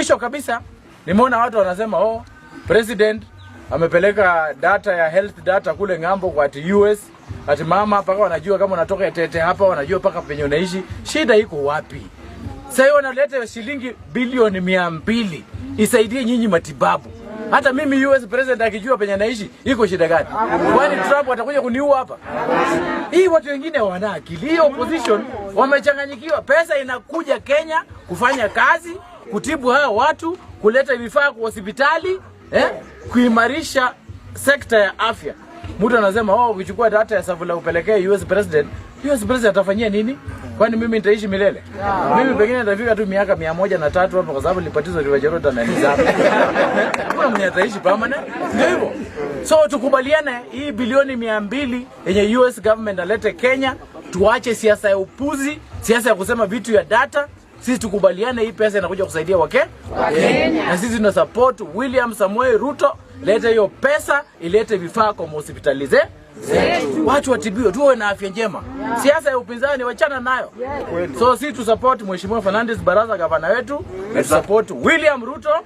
Mwisho kabisa nimeona watu wanasema oh, president amepeleka data ya health data kule ng'ambo kwa ati US ati mama paka wanajua kama unatoka Etete hapa wanajua paka penye unaishi. Shida iko wapi? Sasa wanaleta shilingi bilioni mia mbili isaidie nyinyi matibabu. Hata mimi US president akijua penye naishi iko shida gani? Kwani Trump atakuja kuniua hapa? Hii watu wengine wana akili. opposition wamechanganyikiwa. Pesa inakuja Kenya kufanya kazi, kutibu hao watu, kuleta vifaa kwa hospitali, eh, kuimarisha sekta ya afya mtu anasema oh, ukichukua data ya Savula upelekee US president, US president atafanyia nini? Kwani mimi nitaishi milele? Yeah. Mimi pengine nitafika tu miaka mia moja na tatu hapo, kwa sababu nilipatizwa River Jordan na nizamu. Kuna mwenye ataishi permanent, ndio hivyo. So tukubaliane, hii bilioni mia mbili yenye US government alete Kenya, tuache siasa ya upuzi, siasa ya kusema vitu ya data sisi tukubaliane, hii pesa inakuja kusaidia wake na sisi tuna support William Samuel Ruto. lete hiyo pesa, ilete vifaa kwa hospitali zetu, watu watibiwe, tuwe na afya njema. Siasa ya upinzani wachana nayo, so sisi tu support Mheshimiwa Fernandes Baraza, gavana wetu, na support William Ruto.